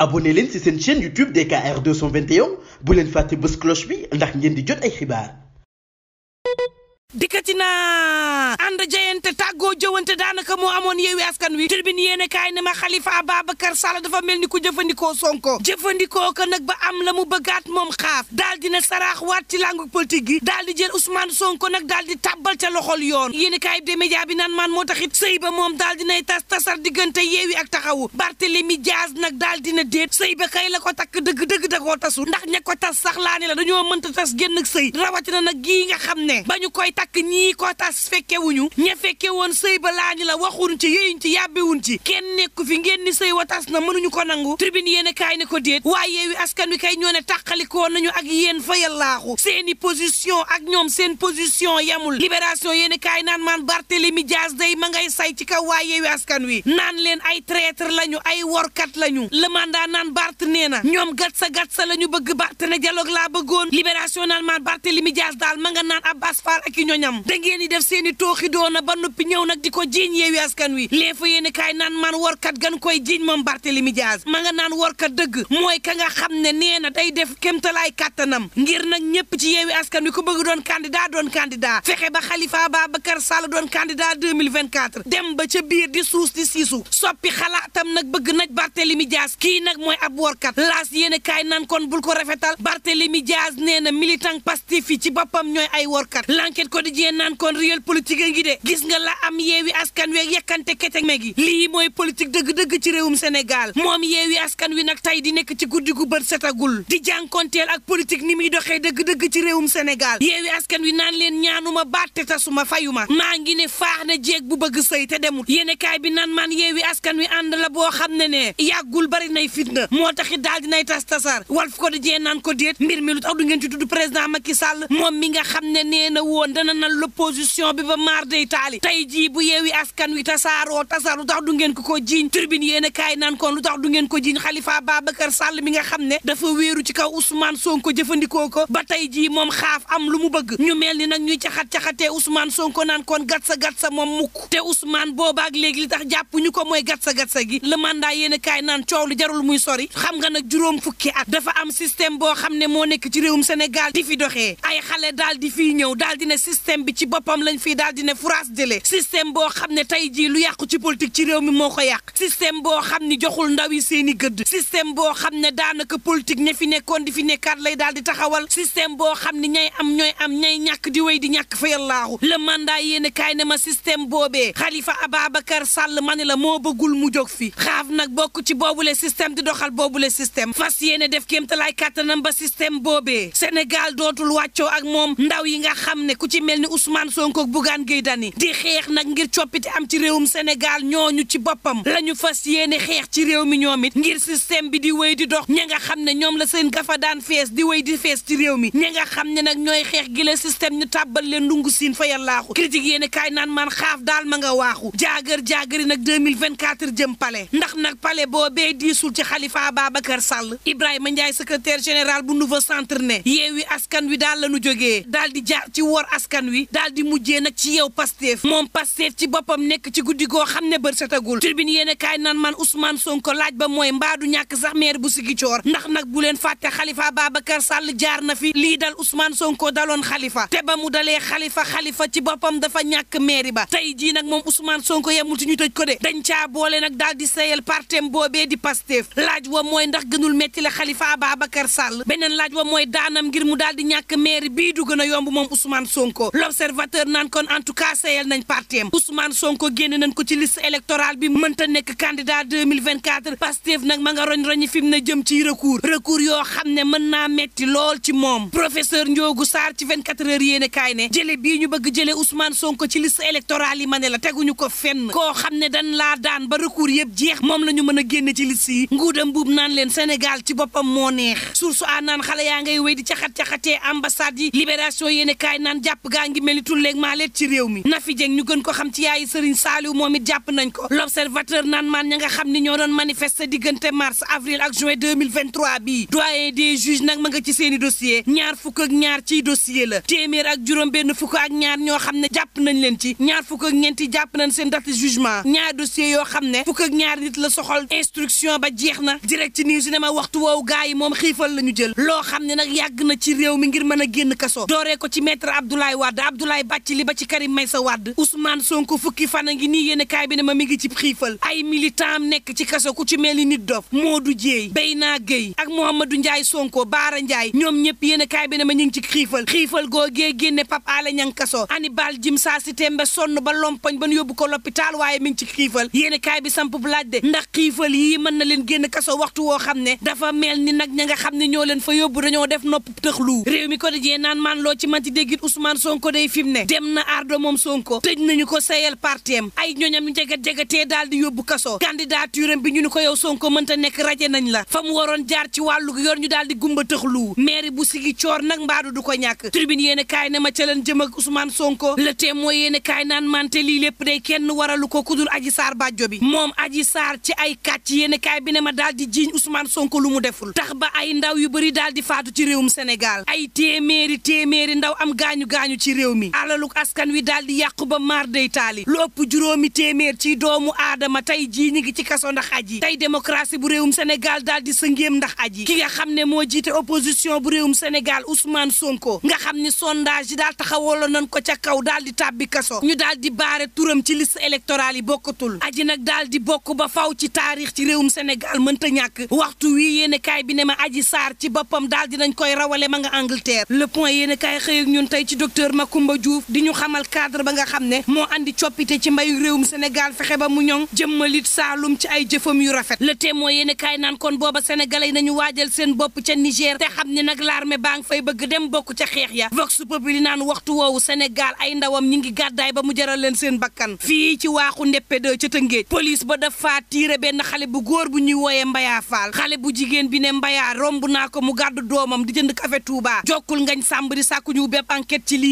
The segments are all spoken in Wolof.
Abonnez-vous à cette chaîne YouTube DKR221. Vous les faire cloche cloches. Vous pouvez faire des dikkati naa ànd jayante tàggoo jëwante daanaka moo amoon yeewi askan wi turbine yéene kaay ne ma xalifa ababacar sall dafa mel ni ko jëfandikoo sonko jëfandikoo ko nag ba am la mu bëggaat moom xaaf daal dina saraax waat ci langue politique gi daal di jël ousmane sonko nag daal di tàbbal ca loxol yoon yéene kaay bi bi naan maan moo taxit sëy ba moom daal dinay tas tasar diggante yeewi ak taxawu barthélemy diaz nag daal na déet sëy ba kay la ko takk dëgg-dëgg da koo tasu ndax ña ko tas sax laa ne la dañoo mënta tas génn ak sëy rawatina nag gii nga xam ne bañu koy takk ñii ko tas fekke wuñu ña fekke woon sëy ba laañu la waxuñ ci yëyuñ ci yàbbiwuñ ci kenn nekku fi ngeen ni sëy wa tas na mënuñu ko nangu tribune yéen kaay ne ko déet waaye yeewi askan wi kay ñoo ne tàqalikoo nañu ak yéen fa yallaaxu seeni position ak ñoom seen position yamul libération yéen kaay naan maan Barthélemy Dias day ma ngay say ci kaw waaye yeewi askan wi naan leen ay traître lañu ay workat lañu le mandat naan Barth nee na ñoom gatsa gatsa lañu bëgg Barth ne dialogue laa bëggoon libération naan maan Barthélemy Dias daal ma nga naan Abbas Fall ak ñoñam da ngeen di def seen i tooxi doona ba noppi ñëw nag di ko jiiñ yeewi askan wi lee fa yéene kaay naan man warkat gan koy jiiñ moom Barthélémy Dias ma nga naan warkat dëgg mooy ka nga xam ne nee na day def kémtalaay kattanam ngir nag ñëpp ci yeewi askan wi ku bëgg doon candidat doon candidat fexe ba Khalifa Babacar Sall doon candidat 2024 dem ba ca biir di suus di siisu soppi xalaatam nag bëgg naj Barthélémy Dias kii nag mooy ab warkat laas yéene kaay nan kon bul ko rafetal Barthélémy Dias nee na militant Pastef yi ci boppam ñooy ay warkat l'enquête quotidien naan kon réel politique a ngi gis nga la am yeewi askan wi ak yàkkante kete me gi lii mooy politique dëgg-dëgg ci réewum Sénégal moom yeewi askan wi nag tey di nekk ci guddi gu bët setagul di jànkonteel ak politique ni muy doxee dëgg-dëgg ci réewum Sénégal yeewi askan wi naan leen ñaanuma baatte tasuma fayuma maa ngi ne faax na jéeg bu bëgg sëy te demut yéene bi nan man yeewi askan wi ànd la boo xam ne ne yàggul bari nay fitna moo taxit daal dinay tas tasar walf ko di jee naan ko déet mbir mi lu tax du ngeen ci tudd président Macky Sall moom mi nga xam ne nee na woon mën a nan l'opposition bi ba maar day taali tey jii bu yeewi askan wi tasaaroo tasaar lu tax du ngeen ko ko jiiñ turbine yéen a kaay naan kon lu tax du ngeen ko jiiñ Xalifa Babacar Sall mi nga xam ne dafa wéeru ci kaw Ousmane Sonko jëfandikoo ko ba tey jii moom xaaf am lu mu bëgg ñu mel ni nag ñuy caxat-caxatee Ousmane Sonko naan kon gatsa gatsa moom mukk te Ousmane boobaak léegi li tax jàpp ñu ko mooy gatsa gatsa gi la mandat yéen a kaay naan coow lu jarul muy sori xam nga nag juróom fukki at dafa am système boo xam ne moo nekk ci réewum Sénégal di fi doxee ay xale daal système bi ci boppam lañ fiy daal di ne France jëlee système boo xam ne tey jii lu yàqu ci politique ci réew mi moo ko yàq système boo xam ni joxul ndaw yi seen gëdd système boo xam ne daanaka politique ña fi nekkoon di fi nekkaat lay daal di taxawal système boo xam ni ñay am ñoy am ñay ñàkk di wéy di ñàkk fa yàllaahu le mandat yéen kaay ne ma système boobee Khalifa Ababacar Sall ma ne la moo bëggul mu jóg fi xaaf nag bokk ci boobu le système di doxal boobu boobule système fas yéene def kéemtalaay kàttanam ba système boobee Sénégal dootul wàccoo ak moom mel ni Ousmane Sonko ak Bougane Gueye Dany di xeex nag ngir coppite am ci réewum Sénégal ñooñu ci boppam la ñu fas yéene xeex ci réew mi ñoom it ngir système bi di wéy di dox ña nga xam ne ñoom la seen gafa daan fees di wéy di fees ci réew mi ña nga xam ne nag ñooy xeex gi la système ñu tàbbal leen ndungu siin fa yàllaaxu critique yéene kaay naan man xaaf daal ma nga waaxu jaagër jaagëri nag 2024 jëm pale ndax nag palais boobee diisul ci Khalifa Babacar sàll Ibrahima Ndiaye secrétaire général bu nouveau centre ne yeewi askan wi daal la ñu jógee daal di jaar ci wor askan askan wi daal di mujjee nag ci yow Pastef moom Pastef ci boppam nekk ci guddi goo xam ne bër setagul tribune yéen a kaay naan man Ousmane Sonko laaj mooy mbaa du ñàkk sax maire bu Sigicoor ndax nag bu leen fàtte Khalifa Babacar sàll jaar na fi lii dal Ousmane Sonko daloon Khalifa te ba mu dalee xalifa xalifa ci boppam dafa ñàkk maire ba tey jii nag moom Ousmane Sonko yemul ci ñu tëj ko de dañ caa boole nag daal di sayel partem boobee di Pastef laaj wa mooy ndax gënul metti la Khalifa Babacar Sall beneen laaj wa mooy daanam ngir mu daal di ñàkk maire bii du gën yomb moom Ousmane Sonko ko l'observateur naan kon en tout cas sayel nañ parteem génne nañ ko ci liste électorale bi mënta nekk candidat 2024 Pastef nag ma nga roñ-roñi fi mu ne jëm ci recours recours yoo xam ne mën naa metti lool ci moom professeur Ndiogou Sarr ci 24 heures yéene kaay ne jële bii ñu bëgg jële Ousmane Sonko ci liste électorale yi ma ne la teguñu ko fenn koo xam ne dañ laa daan ba recours yëpp jeex moom la ñu mën a génne ci liste yi nguuda mbuub naan leen senegal ci boppam moo neex source a xale yaa ngay wéy di caxat-caxatee ambassade yi libération yéene kaay naan jàpp jàpp gaa ngi meli tulleeg maaleet ci réew mi Nafi Dieng ñu gën ko xam ci yaayi Serigne Saliou moom it jàpp nañ ko l'observateur naan maan ña xam ni ñoo doon manifester diggante mars avril ak juin 2023 bii doyen des juges nag ma nga ci seeni dossier ñaar fukk ak ñaar ciy dossier la téeméer ak juróom benn fukk ak ñaar ñoo xam ne jàpp nañ leen ci ñaar fukk ak ñeenti jàpp nañ seen date jugement ñaar dossier yoo xam ne fukk ak ñaar nit la soxol instruction ba jeex na direct news ne ma waxtu woowu gaa yi moom xiifal la ñu jël loo xam ne nag na ci réew mi ngir mën a génn kaso Wade Abdoulaye Bathily ba ci Karim Meïssa Wade Ousmane Sonko fukki fan a ngi nii yéen kaay bi ne ma mi ngi ci xiifal ay militant am nekk ci kaso ku ci mel ni nit dof Modou Dieye Beyna Gueye ak Mouhamadou Ndiaye Sonko Baara Ndiaye ñoom ñëpp yéen kaay bi ne ma ñu ngi ci xiifal xiifal goo googee génne Pape Alé Niang kaso Hannibal Djimsa Tembe sonn ba lompoñ ba ñu yóbbu ko l'hôpital waaye mi ngi ci xiifal yéen kaay bi samp bu laaj de ndax xiifal yii mën na leen génn kaso waxtu woo xam ne dafa mel ni nag nga xam ne ñoo leen fa yóbbu dañoo def nopp Sonko day fi mu ne dem na ardo moom Sonko tëj nañu ko sayal parteem ay ñoñam jagat-jagatee daal di yóbbu kaso candidature am bi ñu ni ko yow Sonko mënta nekk raje nañ la fa mu waroon jaar ci wàllu yor ñu daal di gumba tëxlu maire bu sigi coor nag mbaadu du ko ñàkk tribune yéen kaay na ma ca leen jëm ak Ousmane Sonko le témoin yéen kaay naan mante lii lépp day kenn waralu ko kudul Adji saar bàjjo bi moom aji saar ci ay kàcc yéen kaay bi ne ma daal di jiiñ Ousmane Sonko lu mu deful tax ba ay ndaw yu bëri daal di faatu ci réewum Sénégal ay téeméeri téeméeri ndaw am gaañu gaañu ci réew mi alaluk askan wi daal di yàqu ba maar day taali lu ëpp juróomi téeméer ci doomu aadama tey jii ñi ngi ci kaso ndax aji tey démocratie bu réewum Sénégal daal di sëngéem ndax aji ki nga xam ne moo jiite opposition bu réewum Sénégal Ousmane Sonko nga xam ni sondage yi daal la nan ko ca kaw daal di tàbbi kaso ñu daal di baare turam ci liste électorale yi bokkatul aji nag daal di bokk ba faw ci taarix ci réewum Sénégal mënta ñàkk waxtu wii yéen kaay bi ne ma aji saar ci boppam daal dinañ koy rawale ma nga Angleterre le point yéen kaay xëy ñun tey ci docteur docteur Macoumba Diouf di ñu xamal cadre ba nga xam ne moo indi coppite ci mbayu réewum Sénégal fexe ba mu ñoŋ jëmmalit saalum ci ay jëfam yu rafet le témoin yéen kaay naan kon booba sénégalais nañu waajal seen bopp ca Niger te xam ne nag l'armée baa ngi fay bëgg dem bokk ca xeex ya vox populi naan waxtu woowu Sénégal ay ndawam ñi ngi gàddaay ba mu jaral leen seen bakkan fii ci waaxu ndeppe de ca Tëngéej police ba faa tiire benn xale bu góor bu ñuy wooyee Mbayaa Faal xale bu jigéen bi ne Mbayaa romb naa ko mu gàddu doomam di jënd café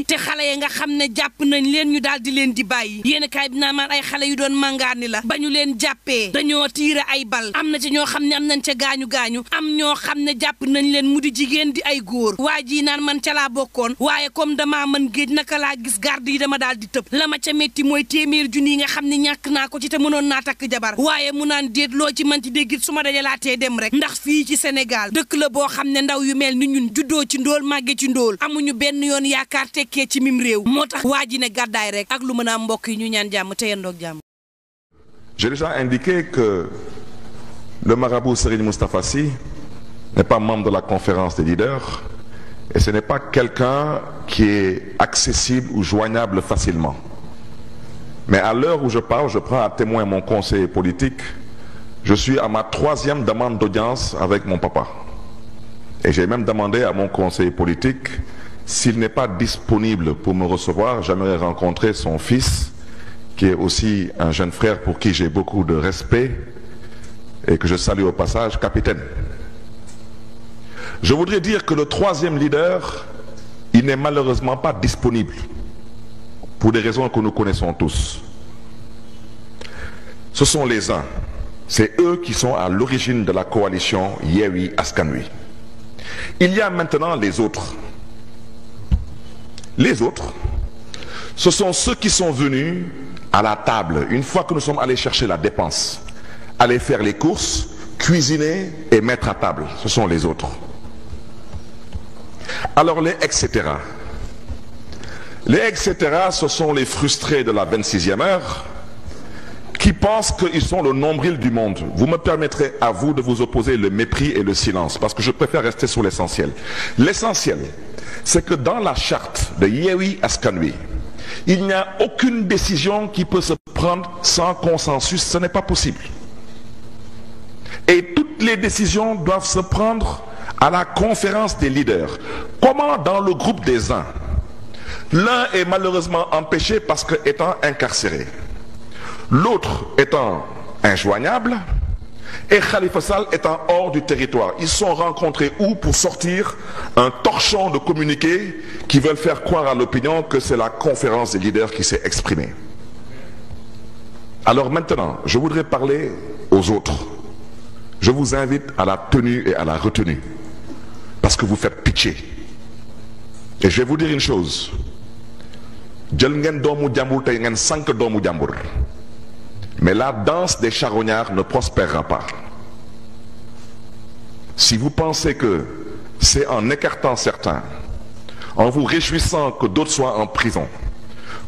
yi te xale yi nga xam ne jàpp nañ leen ñu daal di leen di bàyyi yéen kaay bi naa maan ay xale yu doon màngaani la ba ñu leen jàppee dañoo tiire ay bal am na ci ñoo xam ne am nañ ca gaañu-gaañu am ñoo xam ne jàpp nañ leen mu di jigéen di ay góor waa ji naan man ca laa bokkoon waaye comme damaa mën géej naka laa gis garde yi dama daal di tëb la ma ca metti mooy téeméer junni yi nga xam ne ñàkk naa ko ci te mënoon naa takk jabar waaye mu naan déet loo ci man ci déggit su ma dajalaatee dem rek ndax fii ci Sénégal dëkk la boo xam ne ndaw yu mel ni ñun juddoo ci ndóol màgge ci ndóol amuñu benn yoon yaakaar j'ai déjà indiqué que le marabout Serigne Moustapha n'est pas membre de la conférence des leaders et ce n'est pas quelqu'un qui est accessible ou joignable facilement. Mais à l'heure où je parle, je prends à témoin mon conseiller politique. Je suis à ma troisième demande d'audience avec mon papa. Et j'ai même demandé à mon conseiller politique s'il n'est pas disponible pour me recevoir, j'aimerais rencontrer son fils, qui est aussi un jeune frère pour qui j'ai beaucoup de respect et que je salue au passage, capitaine. Je voudrais dire que le troisième leader, il n'est malheureusement pas disponible pour des raisons que nous connaissons tous. Ce sont les uns, c'est eux qui sont à l'origine de la coalition Yewi Askanui. Il y a maintenant les autres. Les autres, ce sont ceux qui sont venus à la table, une fois que nous sommes allés chercher la dépense, aller faire les courses, cuisiner et mettre à table. Ce sont les autres. Alors les etc. Les etc. ce sont les frustrés de la 26e heure qui pensent qu'ils sont le nombril du monde. Vous me permettrez à vous de vous opposer le mépris et le silence parce que je préfère rester sur l'essentiel. L'essentiel, c'est que dans la charte de Yewi Askanwi, il n'y a aucune décision qui peut se prendre sans consensus. Ce n'est pas possible. Et toutes les décisions doivent se prendre à la conférence des leaders. Comment dans le groupe des uns L'un est malheureusement empêché parce qu'étant incarcéré. L'autre étant injoignable, et Khalifa Sall en hors du territoire. Ils sont rencontrés où pour sortir un torchon de communiqué qui veulent faire croire à l'opinion que c'est la conférence des leaders qui s'est exprimée. Alors maintenant, je voudrais parler aux autres. Je vous invite à la tenue et à la retenue. Parce que vous faites pitié. Et je vais vous dire une chose. Mais la danse des charognards ne prospérera pas. Si vous pensez que c'est en écartant certains, en vous réjouissant que d'autres soient en prison,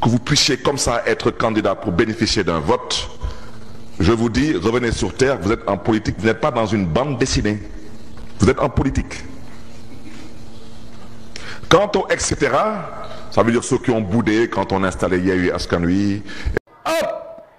que vous puissiez comme ça être candidat pour bénéficier d'un vote, je vous dis, revenez sur terre, vous êtes en politique, vous n'êtes pas dans une bande dessinée. Vous êtes en politique. Quant au etc., ça veut dire ceux qui ont boudé quand on installait Yahu Askanui,